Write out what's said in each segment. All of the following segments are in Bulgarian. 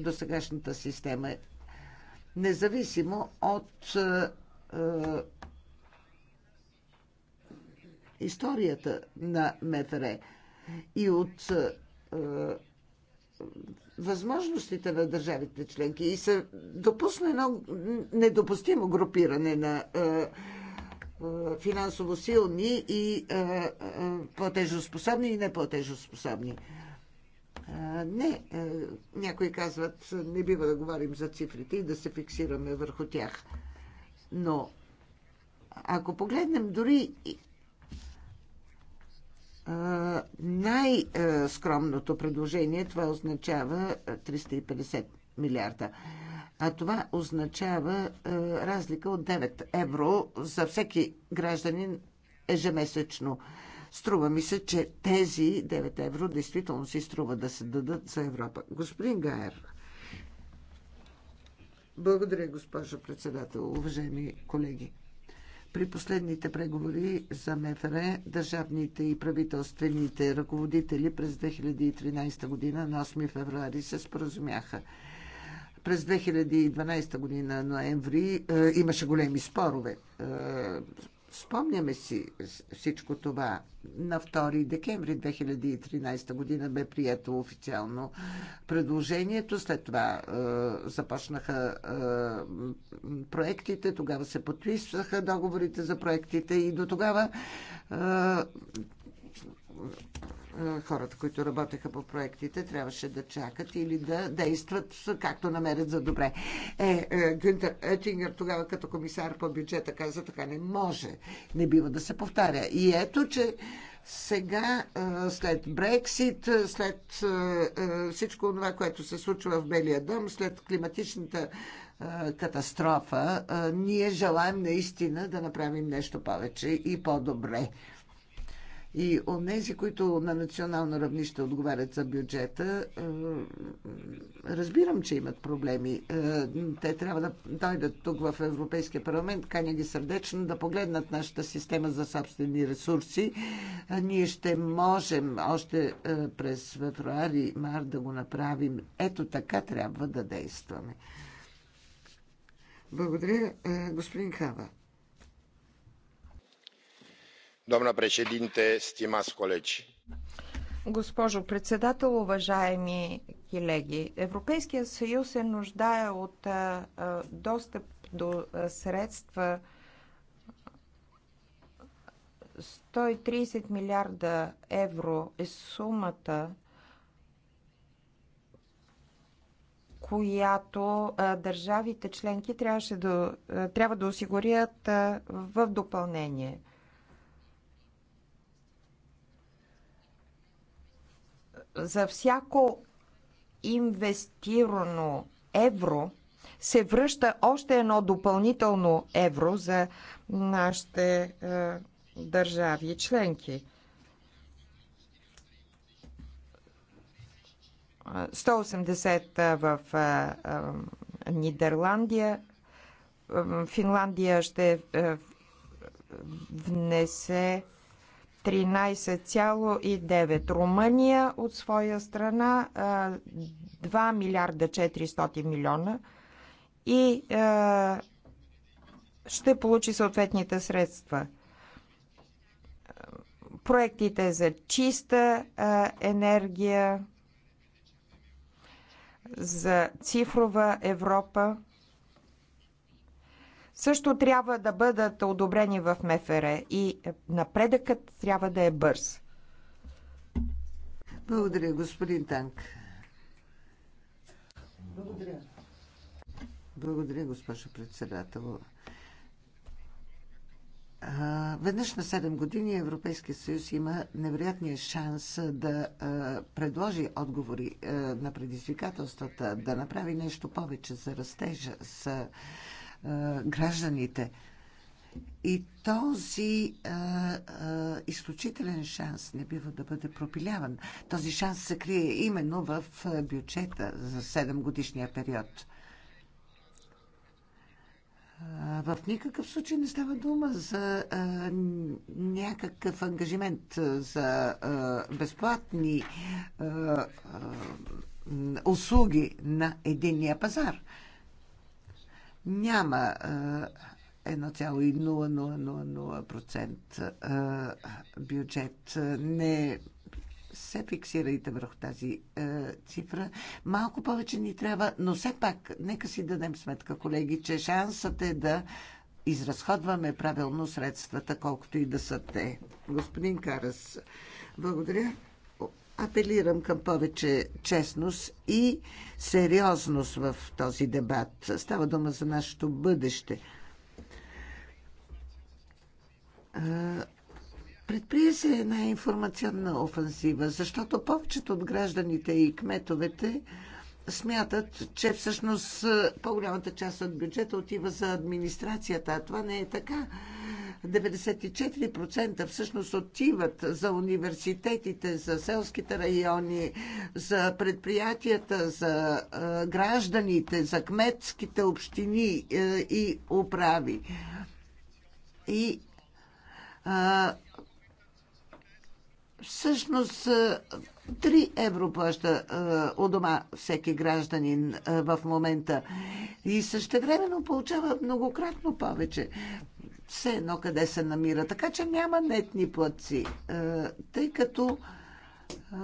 До сегашната система, независимо от е, е, историята на МФР и от е, е, възможностите на държавите членки и се допусна едно недопустимо групиране на е, е, финансово силни и е, е, платежоспособни и неплатежоспособни. Е, не, е, някои казват, не бива да говорим за цифрите и да се фиксираме върху тях. Но ако погледнем дори най-скромното предложение, това означава 350 милиарда. А това означава разлика от 9 евро за всеки гражданин ежемесечно. Струва ми се, че тези 9 евро действително си струва да се дадат за Европа. Господин Гаер. Благодаря, госпожо председател, уважаеми колеги. При последните преговори за МФР държавните и правителствените ръководители през 2013 година на 8 февруари се споразумяха. През 2012 година ноември е, имаше големи спорове е, Спомняме си всичко това. На 2 декември 2013 година бе прието официално предложението. След това е, започнаха е, проектите, тогава се подписваха договорите за проектите и до тогава е, хората, които работеха по проектите, трябваше да чакат или да действат както намерят за добре. Е, е Гюнтер Етингер тогава като комисар по бюджета каза, така не може, не бива да се повтаря. И ето, че сега, след Брексит, след всичко това, което се случва в Белия дом, след климатичната катастрофа, ние желаем наистина да направим нещо повече и по-добре и от тези, които на национално равнище отговарят за бюджета, е, разбирам, че имат проблеми. Е, те трябва да дойдат тук в Европейския парламент, каня ги сърдечно да погледнат нашата система за собствени ресурси. Е, ние ще можем още през февруари, март да го направим. Ето така трябва да действаме. Благодаря, господин Хава doamnă președintă stimați colegi Госпожо председател, уважаеми колеги, Европейския съюз се нуждае от достъп до средства 130 милиарда евро е сумата, която държавите членки трябваше да, трябва да осигурят в допълнение – за всяко инвестирано евро се връща още едно допълнително евро за нашите е, държави членки. 180 е, в е, е, Нидерландия, е, Финландия ще е, внесе 13,9. Румъния от своя страна 2 милиарда 400 милиона и ще получи съответните средства. Проектите за чиста енергия, за цифрова Европа – също трябва да бъдат одобрени в МФР и напредъкът трябва да е бърз. Благодаря, господин Танк. Благодаря. Благодаря, госпожо председател. Веднъж на 7 години Европейския съюз има невероятния шанс да предложи отговори на предизвикателствата, да направи нещо повече за растежа, за гражданите. И този а, а, изключителен шанс не бива да бъде пропиляван. Този шанс се крие именно в бюджета за 7 годишния период. в никакъв случай не става дума за а, някакъв ангажимент за а, безплатни а, а, услуги на единния пазар. А, няма 1,0000% е, е, бюджет. Не се фиксирайте върху тази е, цифра. Малко повече ни трябва, но все пак, нека си дадем сметка, колеги, че шансът е да изразходваме правилно средствата, колкото и да са те. Господин Карас, благодаря апелирам към повече честност и сериозност в този дебат. Става дума за нашето бъдеще. Предприе се една информационна офансива, защото повечето от гражданите и кметовете смятат, че всъщност по-голямата част от бюджета отива за администрацията, а това не е така. 94% всъщност отиват за университетите, за селските райони, за предприятията, за гражданите, за кметските общини е, и управи. И всъщност 3 евро плаща у дома всеки гражданин в момента и същевременно получава многократно повече все едно къде се намира. Така че няма нетни платци, е, тъй като е,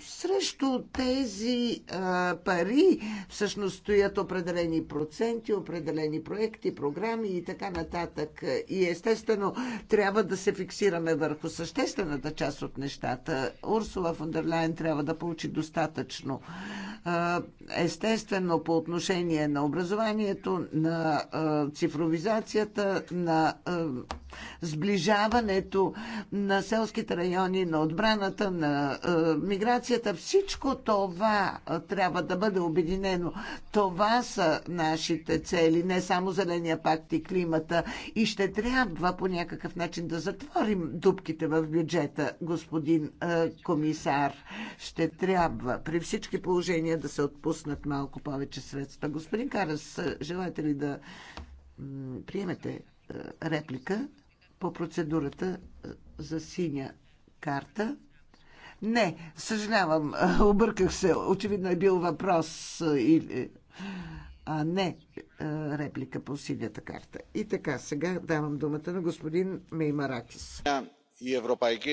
срещу тези а, пари всъщност стоят определени проценти, определени проекти, програми и така нататък. И естествено трябва да се фиксираме върху съществената част от нещата. Урсула фон трябва да получи достатъчно. А, естествено по отношение на образованието, на а, цифровизацията, на а, сближаването на селските райони, на отбраната, на е, миграцията, всичко това е, трябва да бъде обединено. Това са нашите цели, не само Зеления пакт и климата. И ще трябва по някакъв начин да затворим дупките в бюджета, господин е, комисар. Ще трябва при всички положения да се отпуснат малко повече средства. Господин Карас, желаете ли да приемете реплика по процедурата за синя карта? Не, съжалявам, обърках се. Очевидно е бил въпрос или... А не реплика по синята карта. И така, сега давам думата на господин Меймаракис. И Европейки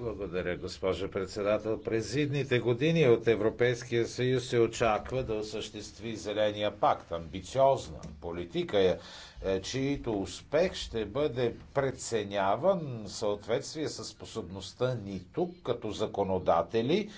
благодаря, госпожо председател. През идните години от Европейския съюз се очаква да осъществи Зеления пакт, амбициозна политика, е, е, чието успех ще бъде преценяван в съответствие с способността ни тук, като законодатели,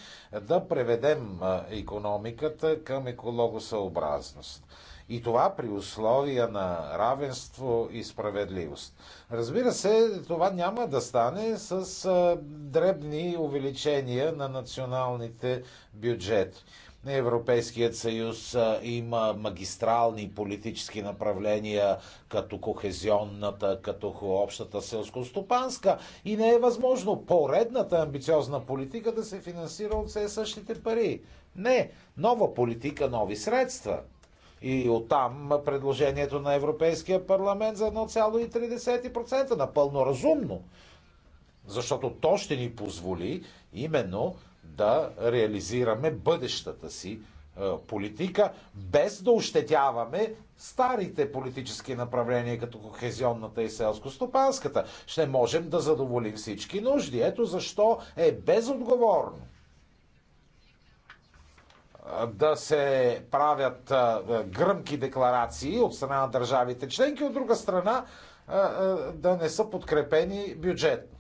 да преведем економиката към екологосъобразност. И това при условия на равенство и справедливост. Разбира се, това няма да стане с дребни увеличения на националните бюджети. Европейският съюз има магистрални политически направления, като кохезионната, като общата селско-стопанска и не е възможно поредната амбициозна политика да се финансира от все същите пари. Не, нова политика, нови средства – и оттам предложението на Европейския парламент за 1,3% напълно разумно. Защото то ще ни позволи именно да реализираме бъдещата си е, политика, без да ощетяваме старите политически направления, като кохезионната и селско-стопанската. Ще можем да задоволим всички нужди. Ето защо е безотговорно да се правят гръмки декларации от страна на държавите членки, от друга страна да не са подкрепени бюджетно.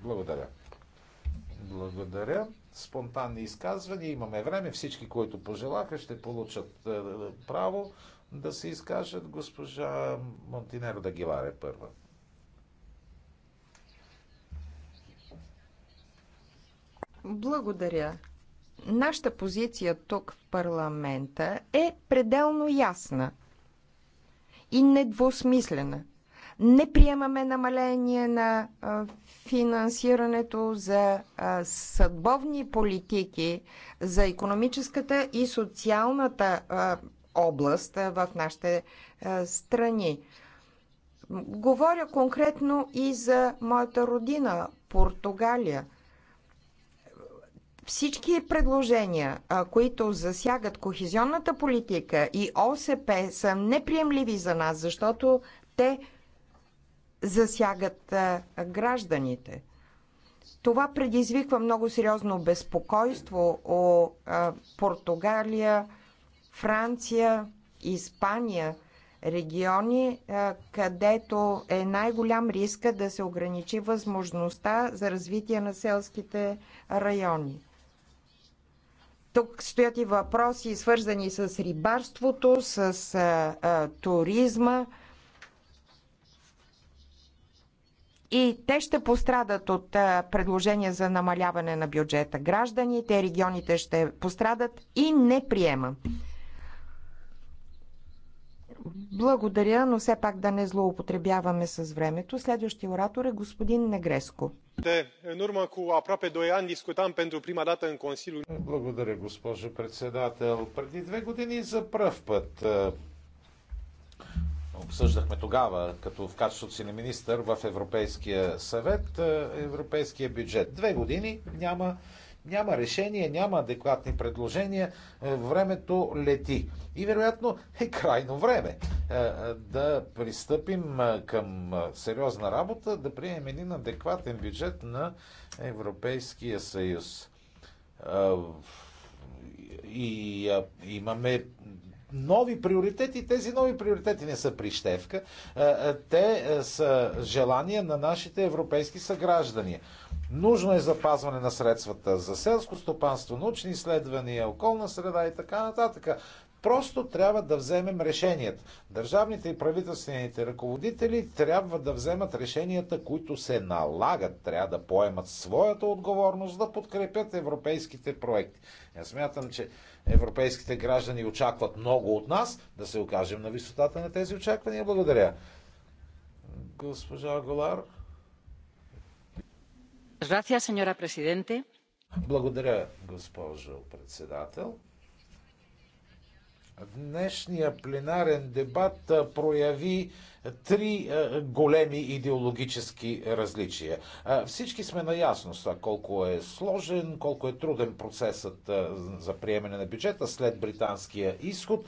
Благодаря. Благодаря. Спонтанни изказвания. Имаме време. Всички, които пожелаха, ще получат право да се изкажат. Госпожа Монтинеро Дагилар е първа. Благодаря. Нашата позиция тук в парламента е пределно ясна и недвусмислена. Не приемаме намаление на финансирането за съдбовни политики за економическата и социалната област в нашите страни. Говоря конкретно и за моята родина Португалия – всички предложения, които засягат кохезионната политика и ОСП, са неприемливи за нас, защото те засягат гражданите. Това предизвиква много сериозно безпокойство о Португалия, Франция, Испания, региони, където е най-голям риска да се ограничи възможността за развитие на селските райони. Тук стоят и въпроси, свързани с рибарството, с а, а, туризма. И те ще пострадат от а, предложения за намаляване на бюджета. Гражданите, регионите ще пострадат и не приема. Благодаря, но все пак да не злоупотребяваме с времето. Следващия оратор е господин Негреско. Благодаря, госпожо председател. Преди две години за пръв път е, обсъждахме тогава, като в качеството си на министър в Европейския съвет, е, европейския бюджет. Две години няма няма решение, няма адекватни предложения, е, времето лети. И вероятно е крайно време е, е, да пристъпим към сериозна работа, да приемем един адекватен бюджет на Европейския съюз. И имаме нови приоритети. Тези нови приоритети не са прищевка. Е, е, те е, са желания на нашите европейски съграждани. Нужно е запазване на средствата за селско стопанство, научни изследвания, околна среда и така нататък. Просто трябва да вземем решенията. Държавните и правителствените ръководители трябва да вземат решенията, които се налагат. Трябва да поемат своята отговорност, да подкрепят европейските проекти. Я смятам, че Европейските граждани очакват много от нас, да се окажем на висотата на тези очаквания. Благодаря. Госпожа Голар. Благодаря, госпожо председател. Днешния пленарен дебат прояви три големи идеологически различия. Всички сме наясно с това колко е сложен, колко е труден процесът за приемане на бюджета след британския изход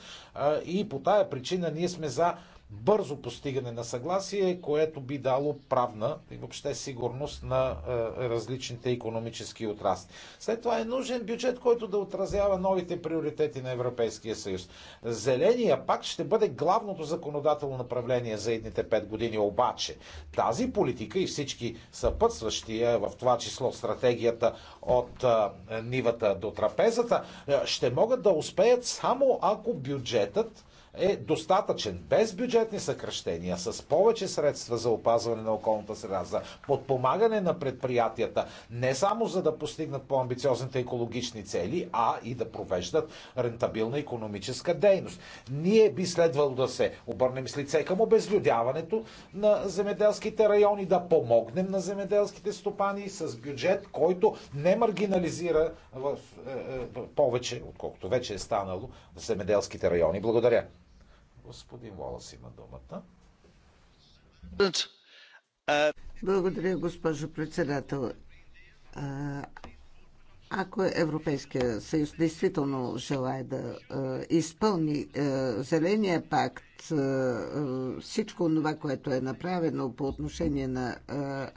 и по тая причина ние сме за бързо постигане на съгласие, което би дало правна и въобще сигурност на е, различните економически отрасли. След това е нужен бюджет, който да отразява новите приоритети на Европейския съюз. Зеления пак ще бъде главното законодателно направление за едните пет години, обаче тази политика и всички съпътстващи, в това число стратегията от е, нивата до трапезата, е, ще могат да успеят само ако бюджетът е достатъчен. Без бюджетни съкръщения, с повече средства за опазване на околната среда, за подпомагане на предприятията, не само за да постигнат по-амбициозните екологични цели, а и да провеждат рентабилна економическа дейност. Ние би следвало да се обърнем с лице към обезлюдяването на земеделските райони, да помогнем на земеделските стопани с бюджет, който не маргинализира в, е, е, повече, отколкото вече е станало в земеделските райони. Благодаря. Господин Волас има думата. Благодаря, госпожо председател. Ако Европейския съюз действително желая да изпълни Зеления пакт, всичко това, което е направено по отношение на а,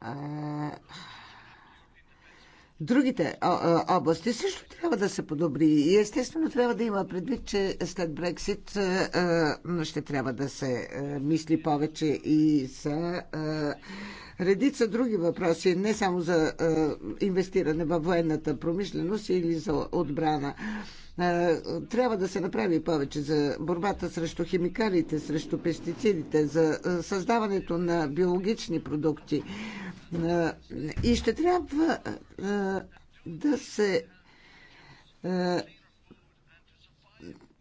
а, другите области също трябва да се подобри. И естествено трябва да има предвид, че след Брексит ще трябва да се мисли повече и за редица други въпроси, не само за инвестиране във военната промишленост или за отбрана. Е, трябва да се направи повече за борбата срещу химикалите, срещу пестицидите, за е, създаването на биологични продукти. Е, и ще трябва да се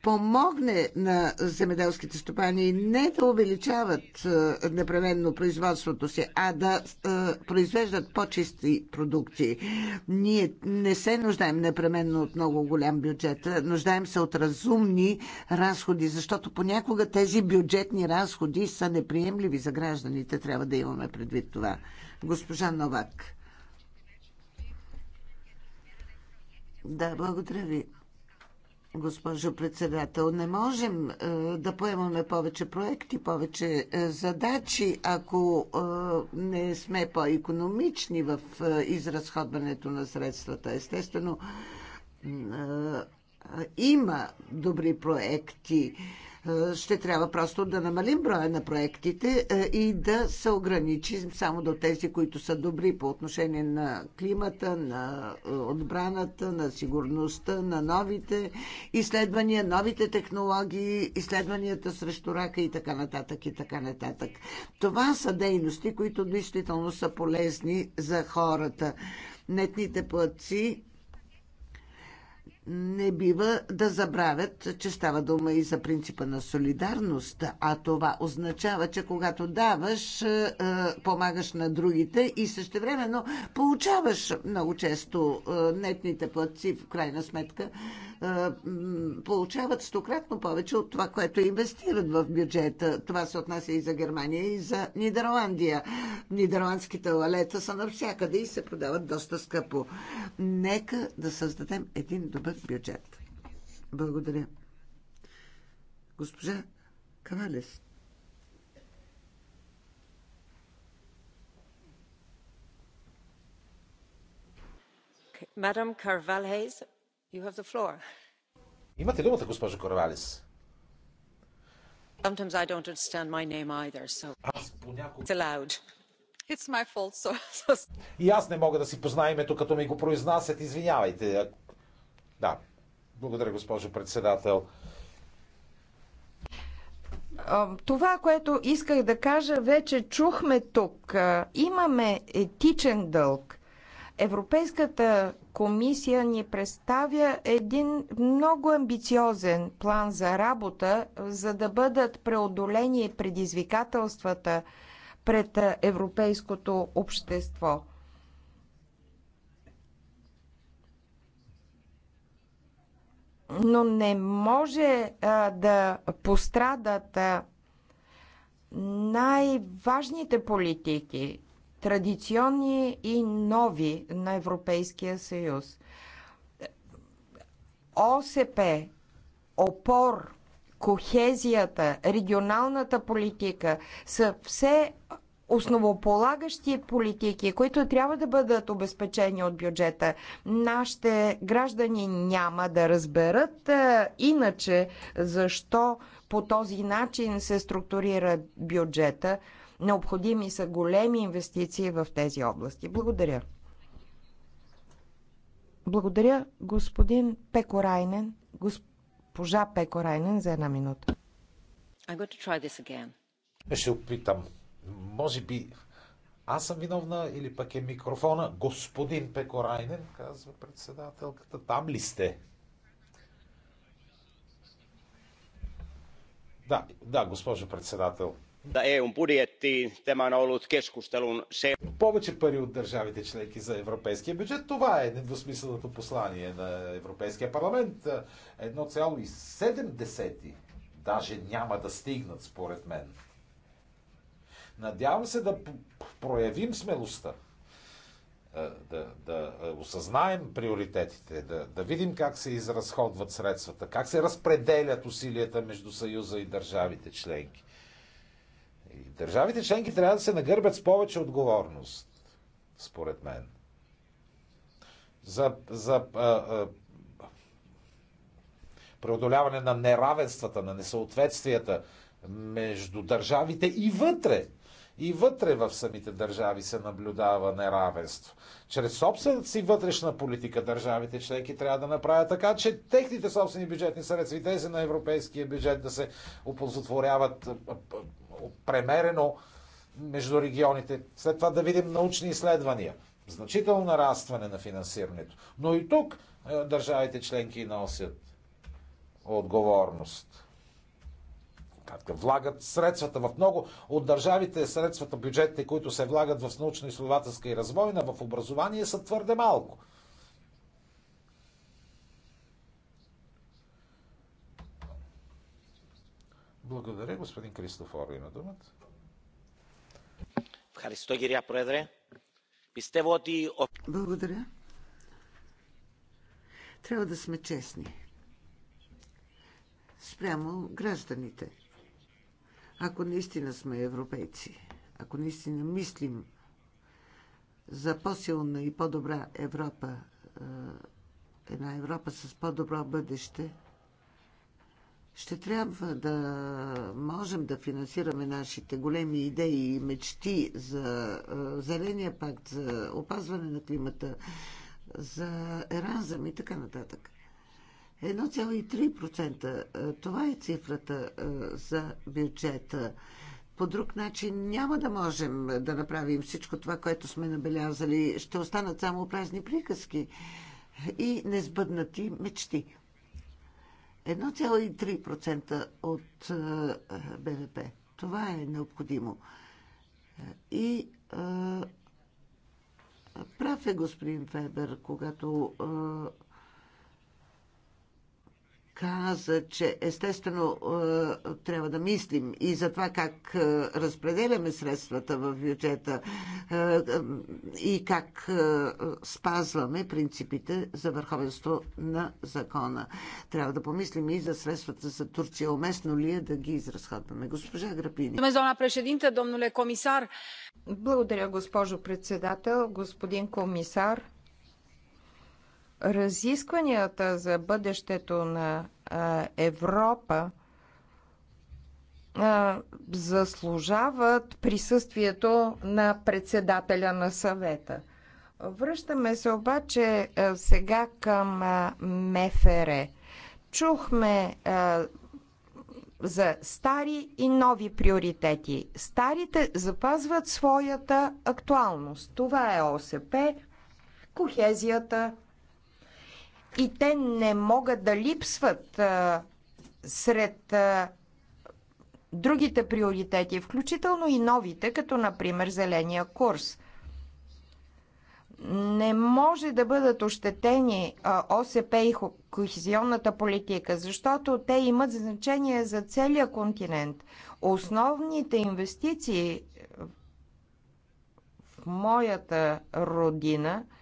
помогне на земеделските стопани не да увеличават е, непременно производството си, а да е, произвеждат по-чисти продукти. Ние не се нуждаем непременно от много голям бюджет. Нуждаем се от разумни разходи, защото понякога тези бюджетни разходи са неприемливи за гражданите. Трябва да имаме предвид това. Госпожа Новак. Да, благодаря ви госпожо председател. Не можем е, да поемаме повече проекти, повече е, задачи, ако е, не сме по-економични в е, изразходването на средствата. Естествено, е, е, има добри проекти. Е, е, ще трябва просто да намалим броя на проектите е, и да се ограничим само до тези, които са добри по отношение на климата, на е, отбраната, на сигурността, на новите изследвания, новите технологии, изследванията срещу рака и така нататък и така нататък. Това са дейности, които действително са полезни за хората. Нетните платци не бива да забравят, че става дума и за принципа на солидарност, а това означава, че когато даваш, е, е, помагаш на другите и същевременно получаваш много често е, нетните платци в крайна сметка получават стократно повече от това, което инвестират в бюджета. Това се отнася и за Германия, и за Нидерландия. Нидерландските лалета са навсякъде и се продават доста скъпо. Нека да създадем един добър бюджет. Благодаря. Госпожа Кавалес. Мадам Карвалес, You have the floor. Имате думата, госпожо Коравалис. Sometimes I don't understand my name either, so it's allowed. It's my fault, so... И аз не мога да си позная името, като ми го произнасят, извинявайте. Да, благодаря, госпожо председател. Това, което исках да кажа, вече чухме тук. Имаме етичен дълг Европейската комисия ни представя един много амбициозен план за работа, за да бъдат преодолени предизвикателствата пред европейското общество. Но не може а, да пострадат най-важните политики традиционни и нови на Европейския съюз. ОСП, опор, кохезията, регионалната политика са все основополагащи политики, които трябва да бъдат обезпечени от бюджета. Нашите граждани няма да разберат а, иначе защо по този начин се структурира бюджета. Необходими са големи инвестиции в тези области. Благодаря. Благодаря, господин Пекорайнен, госпожа Пекорайнен за една минута. Ще опитам. Може би аз съм виновна или пък е микрофона. Господин Пекорайнен, казва председателката, там ли сте? Да, да, госпожо председател. Повече пари от държавите членки за европейския бюджет. Това е недвусмисленото послание на Европейския парламент. 1,7 даже няма да стигнат, според мен. Надявам се да проявим смелостта, е, да, да е, осъзнаем приоритетите, да, да видим как се изразходват средствата, как се разпределят усилията между Съюза и държавите членки. И държавите членки трябва да се нагърбят с повече отговорност, според мен. За, за а, а, преодоляване на неравенствата, на несъответствията между държавите и вътре. И вътре в самите държави се наблюдава неравенство. Чрез собствената си вътрешна политика държавите членки трябва да направят така, че техните собствени бюджетни средства и тези на европейския бюджет да се оползотворяват премерено между регионите. След това да видим научни изследвания. Значително нарастване на финансирането. Но и тук е, държавите членки носят отговорност. влагат средствата в много от държавите, средствата, бюджетите, които се влагат в научно-изследователска и развойна, в образование са твърде малко. Благодаря, господин Кристофор, има думата. Благодаря. Трябва да сме честни. Спрямо гражданите. Ако наистина сме европейци, ако наистина мислим за по-силна и по-добра Европа, е, една Европа с по-добро бъдеще – ще трябва да можем да финансираме нашите големи идеи и мечти за е, Зеления пакт, за опазване на климата, за Еразъм и така нататък. 1,3% е, това е цифрата е, за бюджета. По друг начин няма да можем да направим всичко това, което сме набелязали. Ще останат само празни приказки и несбъднати мечти. 1,3% от е, БВП. Това е необходимо. И е, прав е господин Фебер, когато е, каза, че естествено е, трябва да мислим и за това как е, разпределяме средствата в бюджета е, и как спазваме принципите за върховенство на закона. Трябва да помислим и за средствата за Турция. Уместно ли е да ги изразходваме? Госпожа Грапини. Домезона președинте, домнуле комисар. Благодаря, госпожо председател, господин комисар. Разискванията за бъдещето на Европа заслужават присъствието на председателя на съвета. Връщаме се обаче сега към МФР. Чухме за стари и нови приоритети. Старите запазват своята актуалност. Това е ОСП, кохезията, и те не могат да липсват а, сред а, другите приоритети, включително и новите, като например зеления курс. Не може да бъдат ощетени а, ОСП и кохезионната политика, защото те имат значение за целия континент. Основните инвестиции в моята родина –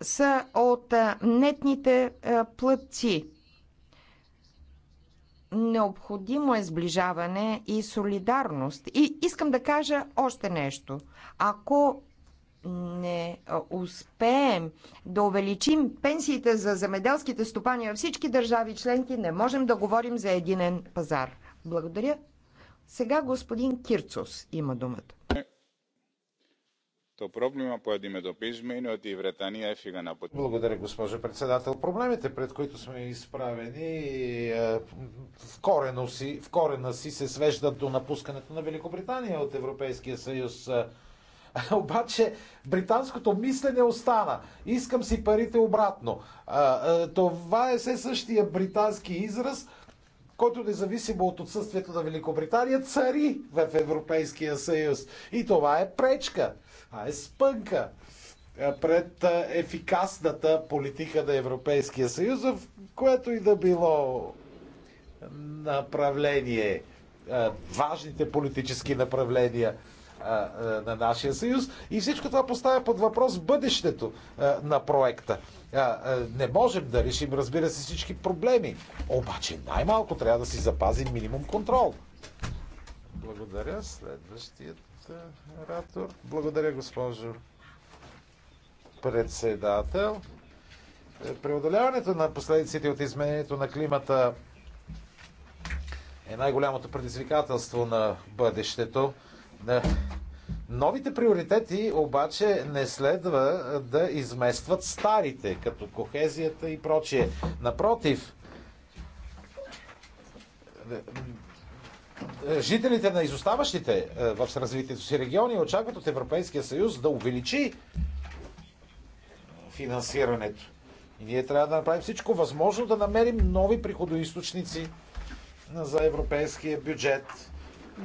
са от нетните плътци. Необходимо е сближаване и солидарност. И искам да кажа още нещо. Ако не успеем да увеличим пенсиите за замеделските стопани във всички държави членки, не можем да говорим за единен пазар. Благодаря. Сега господин Кирцос има думата. Благодаря, госпожо председател. Проблемите, пред които сме изправени, е, в, корена, си, в корена си се свеждат до напускането на Великобритания от Европейския съюз. Е, обаче британското мислене остана. Искам си парите обратно. Е, това е все същия британски израз, който независимо от отсъствието на Великобритания цари в Европейския съюз. И това е пречка а е спънка пред ефикасната политика на Европейския съюз, в което и да било направление, важните политически направления на нашия съюз. И всичко това поставя под въпрос бъдещето на проекта. Не можем да решим, разбира се, всички проблеми. Обаче най-малко трябва да си запазим минимум контрол. Благодаря. Следващият е, оратор. Благодаря, госпожо председател. Е, преодоляването на последиците от изменението на климата е най-голямото предизвикателство на бъдещето. Е, новите приоритети обаче не следва да изместват старите, като кохезията и прочие. Напротив, е, жителите на изоставащите е, в развитието си региони очакват от Европейския съюз да увеличи финансирането. И ние трябва да направим всичко възможно да намерим нови приходоисточници за европейския бюджет,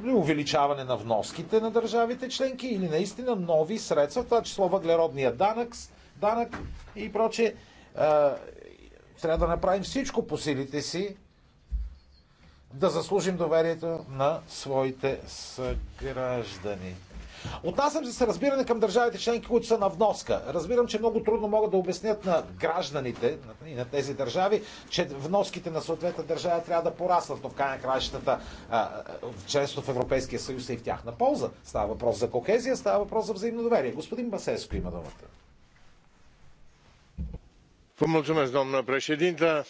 увеличаване на вноските на държавите членки или наистина нови средства, това число въглеродния данък, данък и прочее. Е, трябва да направим всичко по силите си, да заслужим доверието на своите съграждани. Отнасям се с разбиране към държавите членки, които са на вноска. Разбирам, че много трудно могат да обяснят на гражданите и на тези държави, че вноските на съответната държава трябва да пораснат, но в крайна на краищата членство в Европейския съюз е и в тяхна полза. Става въпрос за кохезия, става въпрос за взаимно доверие. Господин Басеско има думата. Vă mulțumesc, doamnă președintă.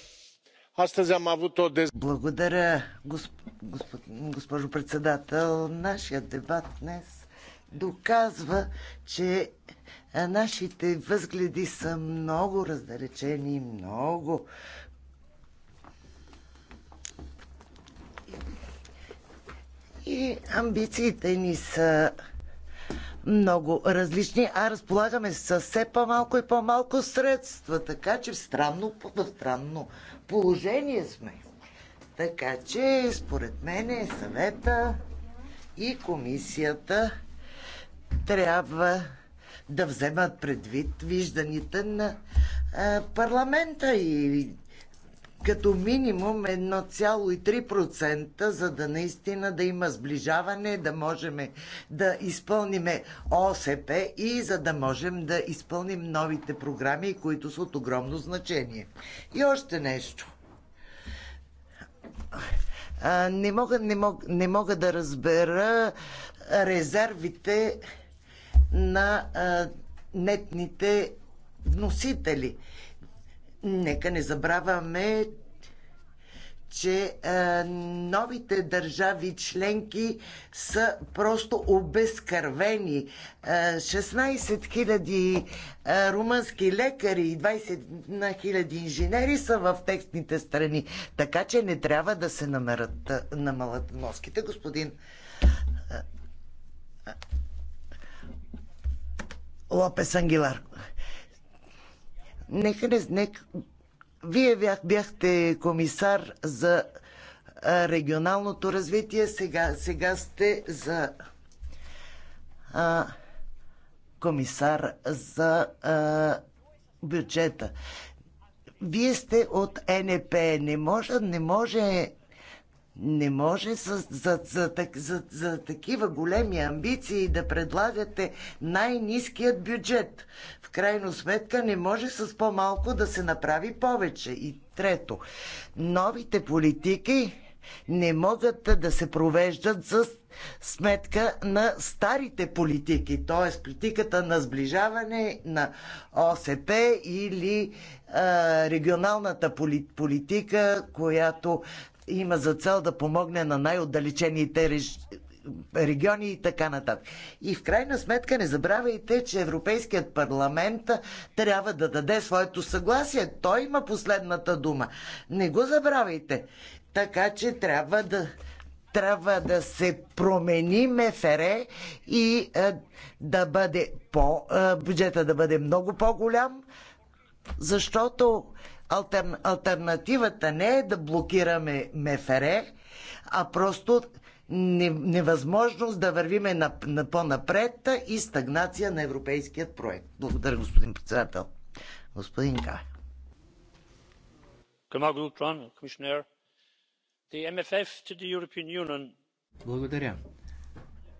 Astăzi am avut o dez... Благодаря, госп... Госп... госпожо председател. Нашия дебат днес доказва, че нашите възгледи са много раздалечени, много и амбициите ни са много различни, а разполагаме с все по-малко и по-малко средства, така че в странно, в странно положение сме. Така че, според мен, съвета и комисията трябва да вземат предвид вижданията на парламента и като минимум 1,3%, за да наистина да има сближаване, да можем да изпълним ОСП и за да можем да изпълним новите програми, които са от огромно значение. И още нещо. Не мога, не мога, не мога да разбера резервите на нетните вносители – Нека не забравяме, че е, новите държави членки са просто обезкървени. Е, 16 000 е, румънски лекари и 20 000 инженери са в техните страни. Така че не трябва да се намерят, е, намалят вноските, господин. Е, е, Лопес Ангелар. Нека не... Нека... Вие бях, бяхте комисар за регионалното развитие, сега, сега сте за а, комисар за а, бюджета. Вие сте от НП. Не може, не може не може за, за, за, за, за такива големи амбиции да предлагате най-низкият бюджет. В крайна сметка не може с по-малко да се направи повече. И трето, новите политики не могат да се провеждат за сметка на старите политики, т.е. политиката на сближаване на ОСП или а, регионалната политика, която има за цел да помогне на най-отдалечените региони и така нататък. И в крайна сметка не забравяйте, че Европейският парламент трябва да даде своето съгласие. Той има последната дума. Не го забравяйте. Така че трябва да трябва да се промени МФР и е, да бъде по, е, бюджета да бъде много по-голям, защото Алтерна... Альтернативата не е да блокираме МФР, а просто невъзможност да вървиме на, на по-напред и стагнация на европейският проект. Благодаря, господин председател. Господин Ка. Благодаря.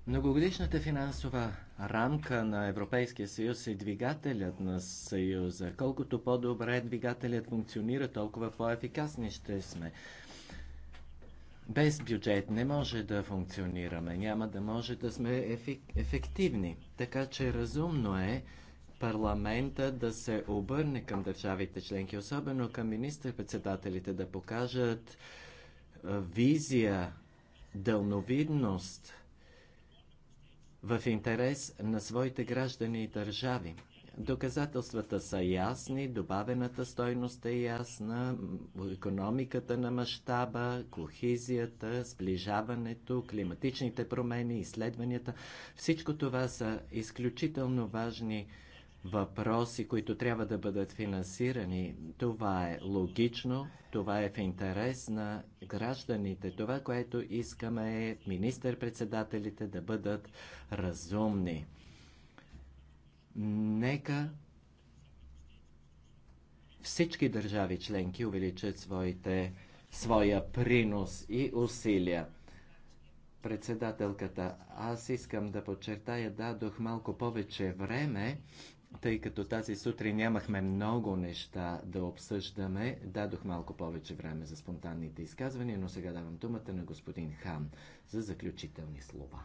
Многогодишната финансова рамка на Европейския съюз е двигателят на съюза. Колкото по-добре двигателят функционира, толкова по-ефикасни ще сме. Без бюджет не може да функционираме, няма да може да сме ефективни. Така че разумно е парламента да се обърне към държавите членки, особено към министър-председателите, да покажат визия, дълновидност – в интерес на своите граждани и държави. Доказателствата са ясни, добавената стойност е ясна, економиката на мащаба, кохизията, сближаването, климатичните промени, изследванията. Всичко това са изключително важни въпроси, които трябва да бъдат финансирани. Това е логично, това е в интерес на гражданите. Това, което искаме е министър-председателите да бъдат разумни. Нека всички държави членки увеличат своите, своя принос и усилия. Председателката, аз искам да подчертая, дадох малко повече време, тъй като тази сутрин нямахме много неща да обсъждаме, дадох малко повече време за спонтанните изказвания, но сега давам думата на господин Хан за заключителни слова.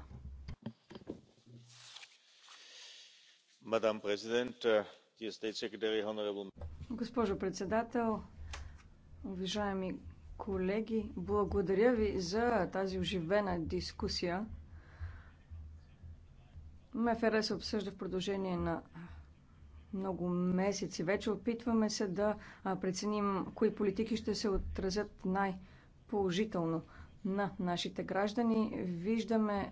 Мадам президент, Госпожо председател, уважаеми Колеги, благодаря ви за тази оживена дискусия. МФР се обсъжда в продължение на много месеци. Вече опитваме се да преценим кои политики ще се отразят най-положително на нашите граждани. Виждаме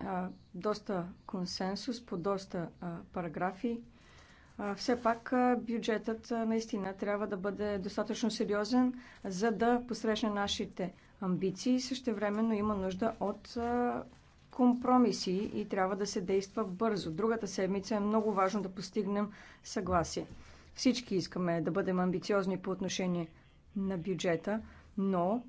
доста консенсус по доста параграфи все пак бюджетът наистина трябва да бъде достатъчно сериозен, за да посрещне нашите амбиции Също същевременно има нужда от компромиси и трябва да се действа бързо. Другата седмица е много важно да постигнем съгласие. Всички искаме да бъдем амбициозни по отношение на бюджета, но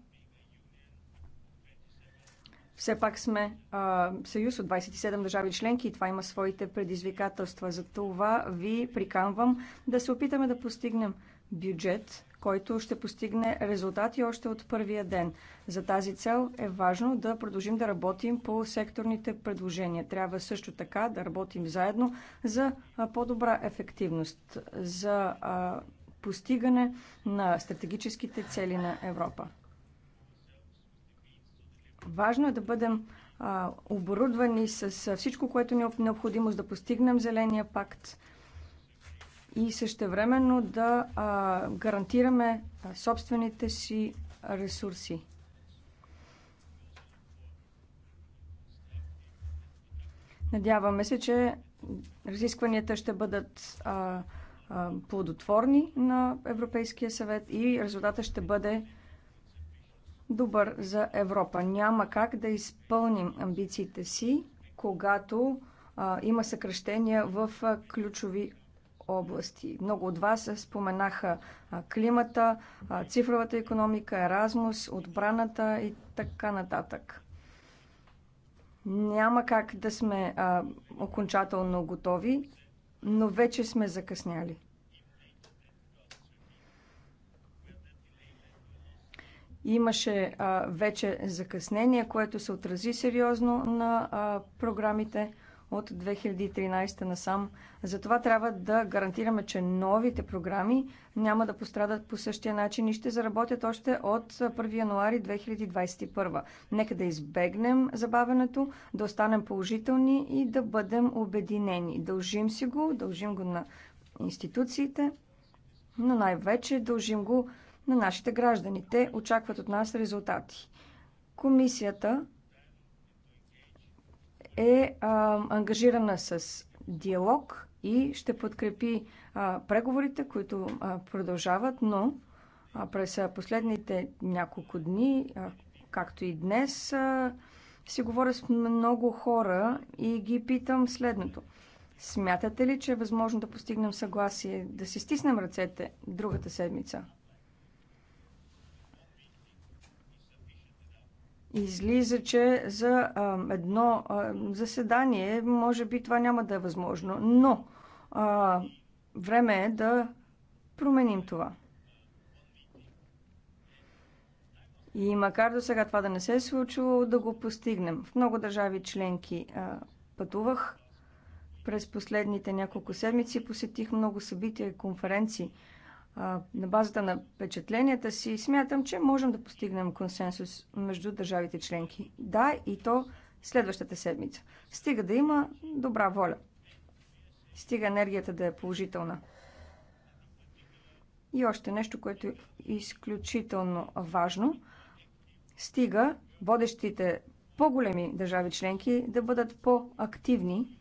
все пак сме а, съюз от 27 държави членки и това има своите предизвикателства. За това ви приканвам да се опитаме да постигнем бюджет, който ще постигне резултати още от първия ден. За тази цел е важно да продължим да работим по секторните предложения. Трябва също така да работим заедно за по-добра ефективност, за постигане на стратегическите цели на Европа. Важно е да бъдем а, оборудвани с всичко, което ни е необходимо, за да постигнем зеления пакт и същевременно да а, гарантираме а, собствените си ресурси. Надяваме се, че разискванията ще бъдат а, а, плодотворни на Европейския съвет и резултата ще бъде добър за Европа. Няма как да изпълним амбициите си, когато а, има съкръщения в а, ключови области. Много от вас споменаха а, климата, а, цифровата економика, Еразмус, отбраната и така нататък. Няма как да сме а, окончателно готови, но вече сме закъсняли. Имаше а, вече закъснение, което се отрази сериозно на а, програмите от 2013 насам. Затова трябва да гарантираме, че новите програми няма да пострадат по същия начин и ще заработят още от 1 януари 2021. Нека да избегнем забавянето, да останем положителни и да бъдем обединени. Дължим си го, дължим го на институциите, но най-вече дължим го на нашите граждани. Те очакват от нас резултати. Комисията е а, ангажирана с диалог и ще подкрепи а, преговорите, които а, продължават, но а, през последните няколко дни, а, както и днес, а, си говоря с много хора и ги питам следното. Смятате ли, че е възможно да постигнем съгласие, да си стиснем ръцете другата седмица? Излиза, че за а, едно а, заседание, може би това няма да е възможно, но а, време е да променим това. И макар до сега това да не се е случило, да го постигнем. В много държави членки а, пътувах. През последните няколко седмици посетих много събития и конференции – на базата на впечатленията си, смятам, че можем да постигнем консенсус между държавите членки. Да, и то следващата седмица. Стига да има добра воля. Стига енергията да е положителна. И още нещо, което е изключително важно. Стига водещите по-големи държави членки да бъдат по-активни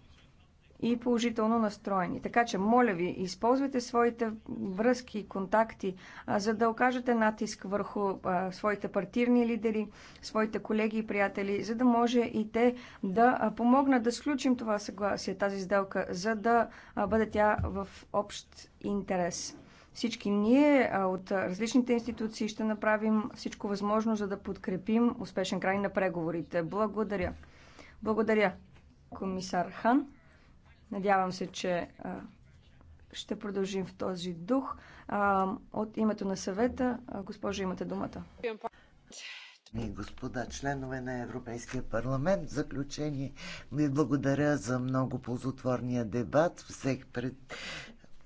и положително настроени. Така че, моля ви, използвайте своите връзки и контакти, а, за да окажете натиск върху а, своите партирни лидери, своите колеги и приятели, за да може и те да а, помогнат да сключим това съгласие, тази сделка, за да а, бъде тя в общ интерес. Всички ние а, от различните институции ще направим всичко възможно, за да подкрепим успешен край на преговорите. Благодаря. Благодаря, комисар Хан. Надявам се, че ще продължим в този дух. От името на съвета, госпожо, имате думата. И господа членове на Европейския парламент, в заключение ви благодаря за много ползотворния дебат. Всех пред...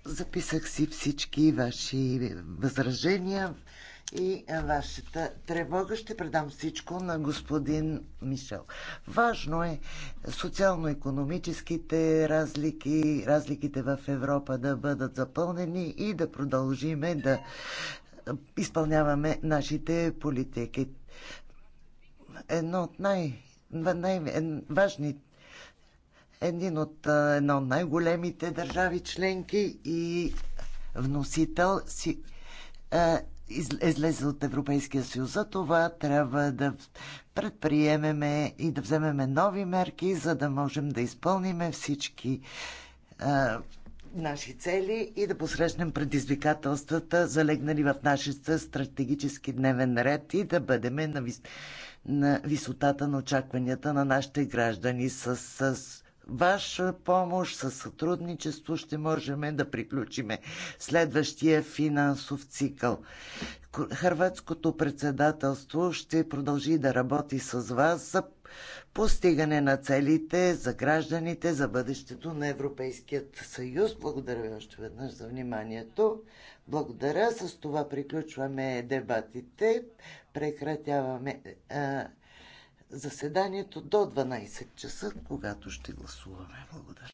Записах си всички ваши възражения и вашата тревога. Ще предам всичко на господин Мишел. Важно е социално-економическите разлики, разликите в Европа да бъдат запълнени и да продължиме да изпълняваме нашите политики. Едно от най- най-важните един от едно от най-големите държави членки и вносител си излезе от Европейския съюз. За това трябва да предприемеме и да вземеме нови мерки, за да можем да изпълниме всички а, наши цели и да посрещнем предизвикателствата, залегнали в нашия стратегически дневен ред и да бъдем на, вис... на висотата на очакванията на нашите граждани с, с ваша помощ, със сътрудничество ще можем да приключиме следващия финансов цикъл. Хрватското председателство ще продължи да работи с вас за постигане на целите за гражданите, за бъдещето на Европейският съюз. Благодаря ви още веднъж за вниманието. Благодаря. С това приключваме дебатите. Прекратяваме заседанието до 12 часа, когато ще гласуваме. Благодаря.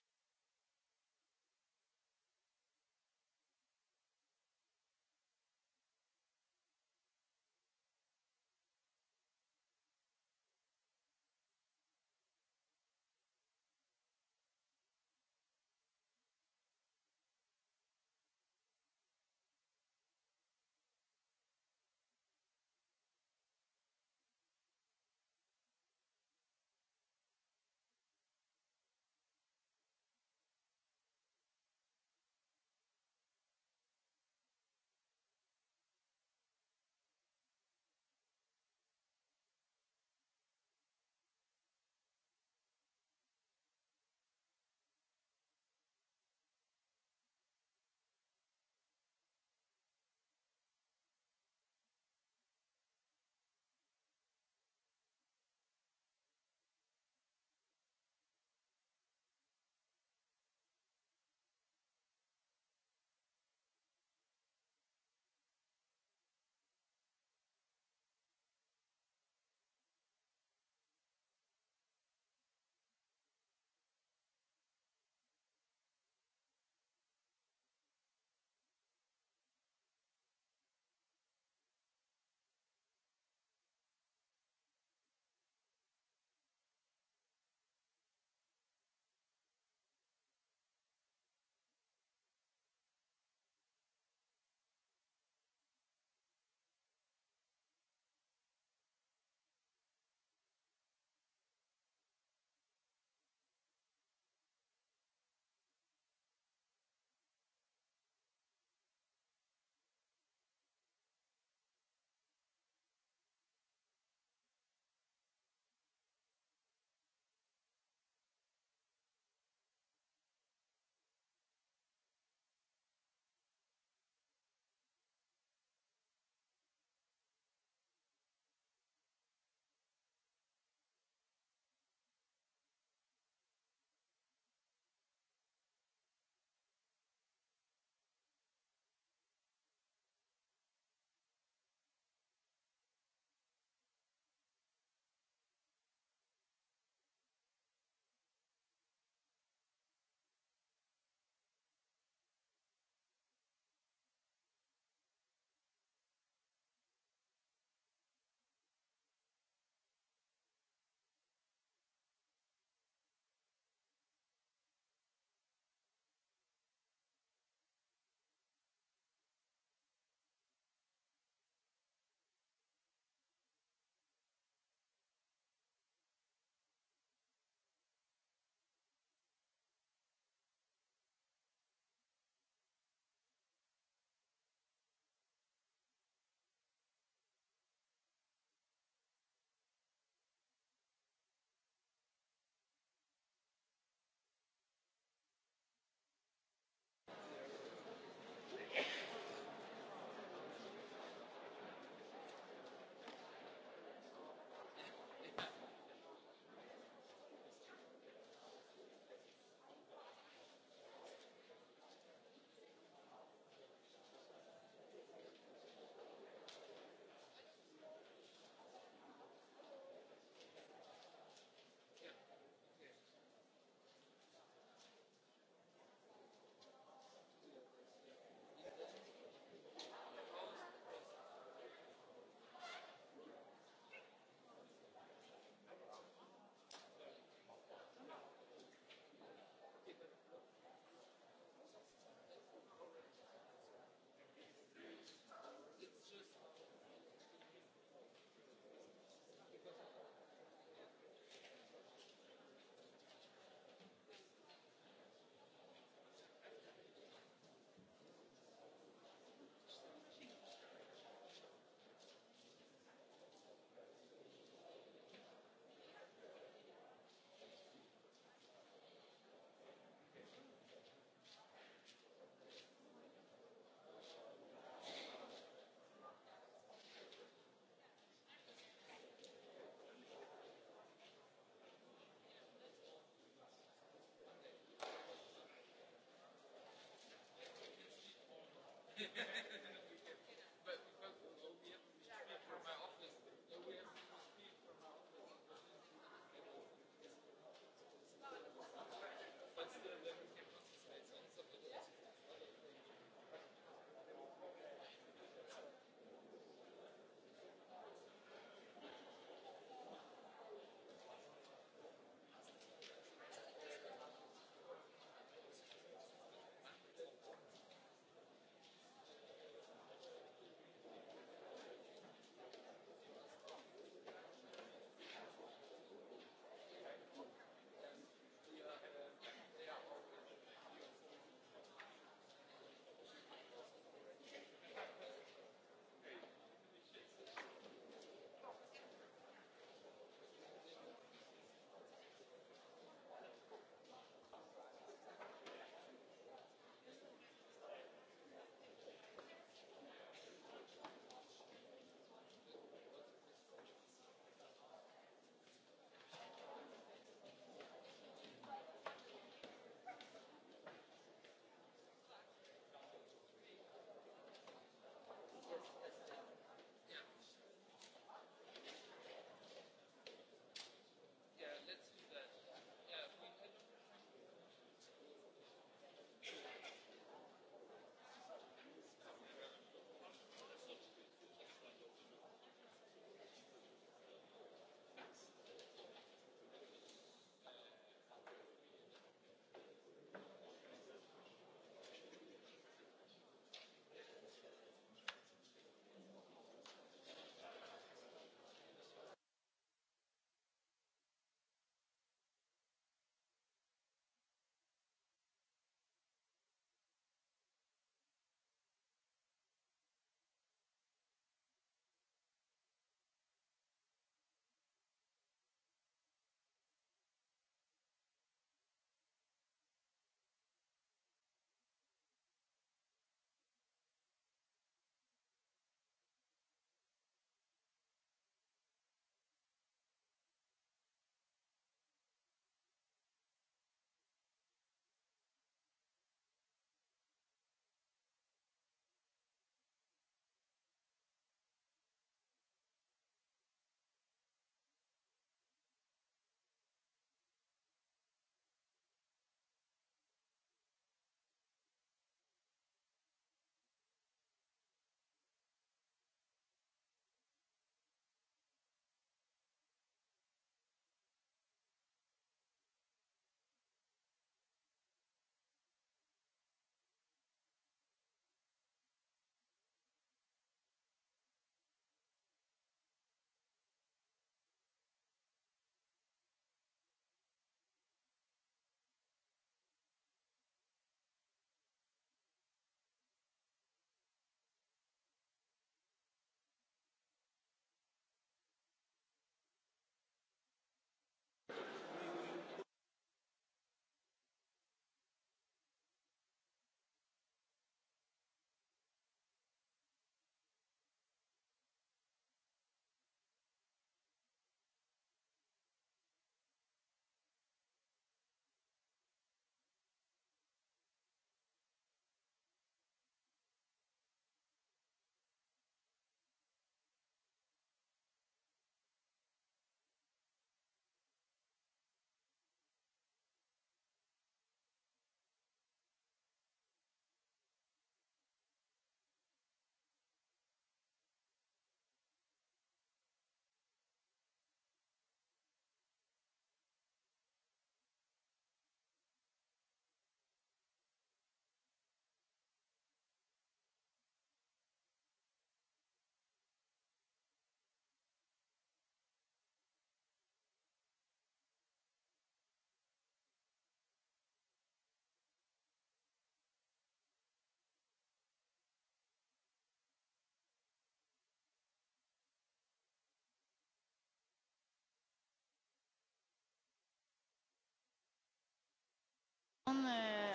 on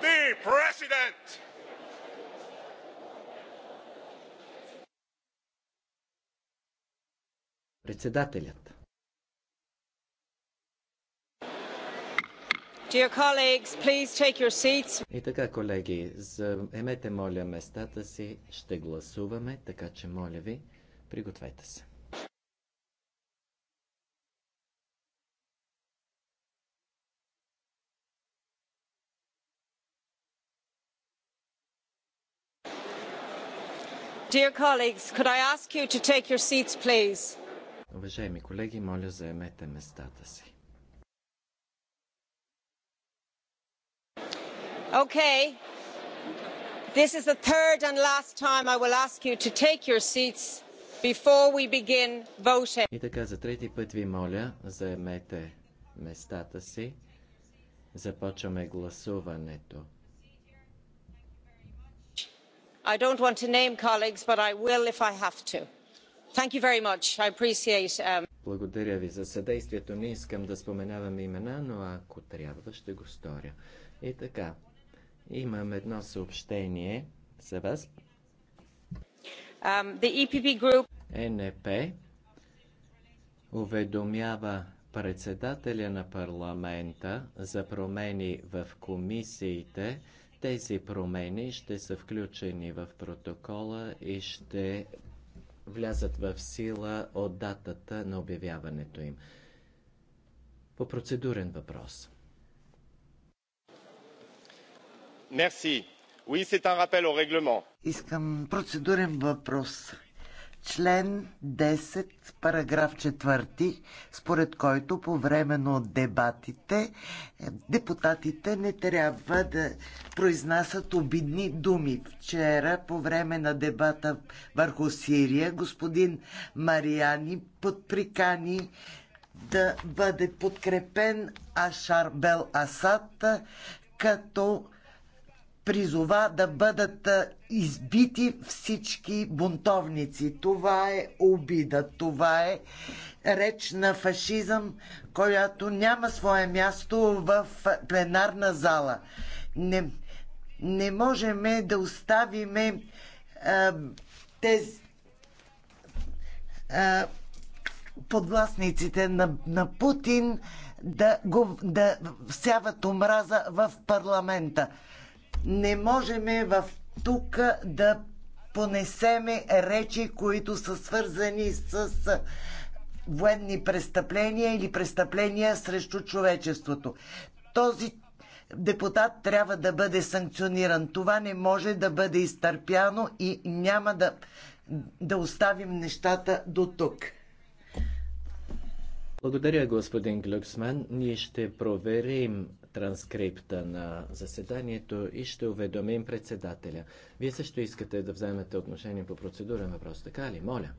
the president. Председателят. И така, колеги, заемете моля местата си, ще гласуваме, така че моля ви, пригответе се. Уважаеми колеги, моля заемете местата си. Okay. This is the third and last time I will ask you to take your seats before we begin voting. И така за трети път ви моля, заемете местата си. Започваме гласуването i don't want to name colleagues but i will if i have to. thank you very much i appreciate it. Um, Благодаря ви за съдействието. Не искам да споменавам имена, но ако трябва, ще го сторя. И така, имам едно съобщение за вас. Um, the EPP group... Е НП уведомява председателя на парламента за промени в комисиите, тези промени ще са включени в протокола и ще влязат в сила от датата на обявяването им. По процедурен въпрос. Merci. Oui, c'est un rappel au règlement. Искам процедурен въпрос член 10, параграф 4, според който по време на дебатите е, депутатите не трябва да произнасят обидни думи. Вчера по време на дебата върху Сирия господин Мариани подприкани да бъде подкрепен Ашар Бел Асад като призова да бъдат избити всички бунтовници. Това е обида, това е реч на фашизъм, която няма свое място в пленарна зала. Не, не можем да оставиме тези подвластниците на, на Путин да, го, да всяват омраза в парламента. Не можеме в тук да понесеме речи, които са свързани с военни престъпления или престъпления срещу човечеството. Този депутат трябва да бъде санкциониран. Това не може да бъде изтърпяно и няма да, да оставим нещата до тук. Благодаря, господин Глюксман. Ние ще проверим транскрипта на заседанието и ще уведомим председателя. Вие също искате да вземете отношение по процедурен въпрос, така ли? Моля.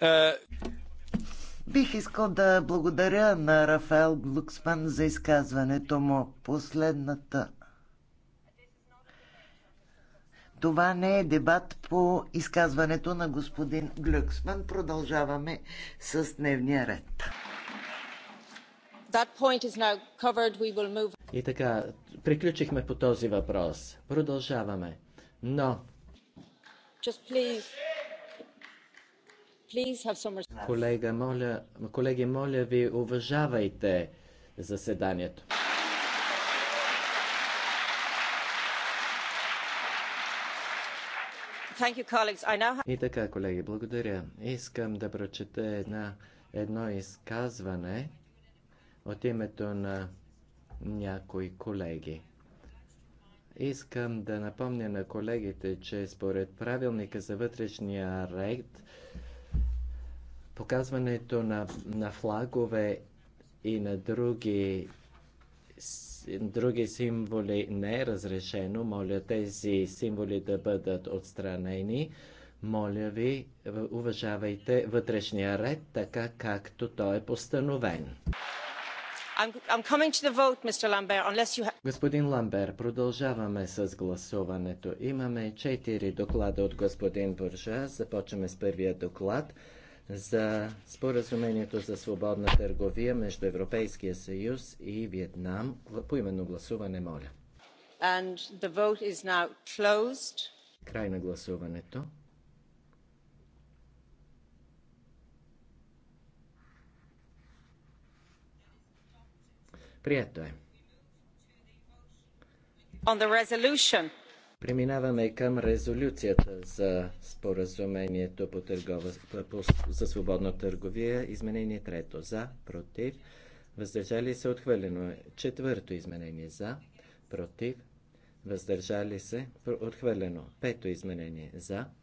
Е, Бих искал да благодаря на Рафаел Луксман за изказването му. Последната. Това не е дебат по изказването на господин Глюксман. Продължаваме с дневния ред. И така, приключихме по този въпрос. Продължаваме. Но... Колега, моля, колеги, моля ви, уважавайте заседанието. И така, колеги, благодаря. Искам да прочета една, едно изказване от името на някои колеги. Искам да напомня на колегите, че според правилника за вътрешния ред, показването на, на флагове и на други, други символи не е разрешено. Моля тези символи да бъдат отстранени. Моля ви, уважавайте вътрешния ред така, както той е постановен. Господин Ламбер, продължаваме с гласуването. Имаме четири доклада от господин Буржа. Започваме с първия доклад за споразумението за свободна търговия между Европейския съюз и Виетнам. По именно гласуване, моля. Край на гласуването. Прието е. Преминаваме към резолюцията за споразумението по търгова, по, за свободна търговия. Изменение трето. За, против, въздържали се, отхвърлено е. Четвърто изменение. За, против, въздържали се, отхвърлено. Пето изменение. За,